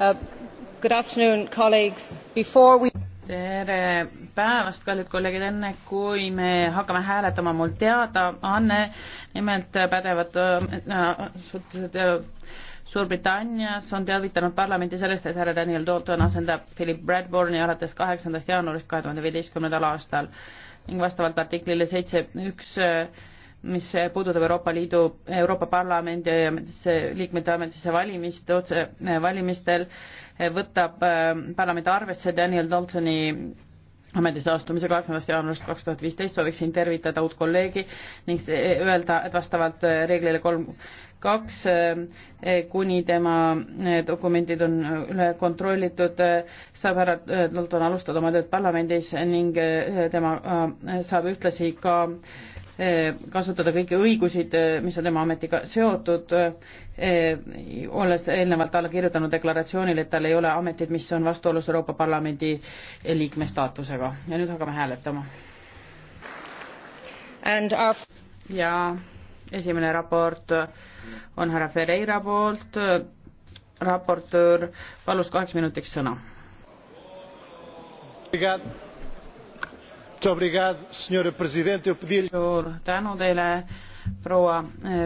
Uh, tere päevast, kallid kolleegid, enne kui me hakkame hääletama, mul teada, Anne, nimelt pädevad äh, äh Suurbritannias on teavitanud parlamenti sellest, et härra Daniel Dalton asendab Philip Bradburni alates kaheksandast jaanuarist kahe tuhande viieteistkümnendal aastal ning vastavalt artiklile seitse üks äh, mis puudutab Euroopa Liidu, Euroopa Parlamendi liikmete ametisse valimist, otse eh, valimistel, eh, võtab eh, parlament arvesse Daniel Daltoni ametisse astumise kaheksandast jaanuarist kaks tuhat viisteist sooviksin tervitada uut kolleegi ning öelda, et vastavalt reeglile kolm kaks, eh, kuni tema eh, dokumendid on eh, üle kontrollitud, saab härra Dalton alustada oma tööd parlamendis ning tema saab ühtlasi ka kasutada kõiki õigusid, mis on tema ametiga seotud, olles eelnevalt alla kirjutanud deklaratsioonile, et tal ei ole ametit, mis on vastuolus Euroopa Parlamendi liikme staatusega ja nüüd hakkame hääletama. Our... ja esimene raport on härra Ferreira poolt, raportöör palus kaheks minutiks sõna. suur tänu teile, proua eh,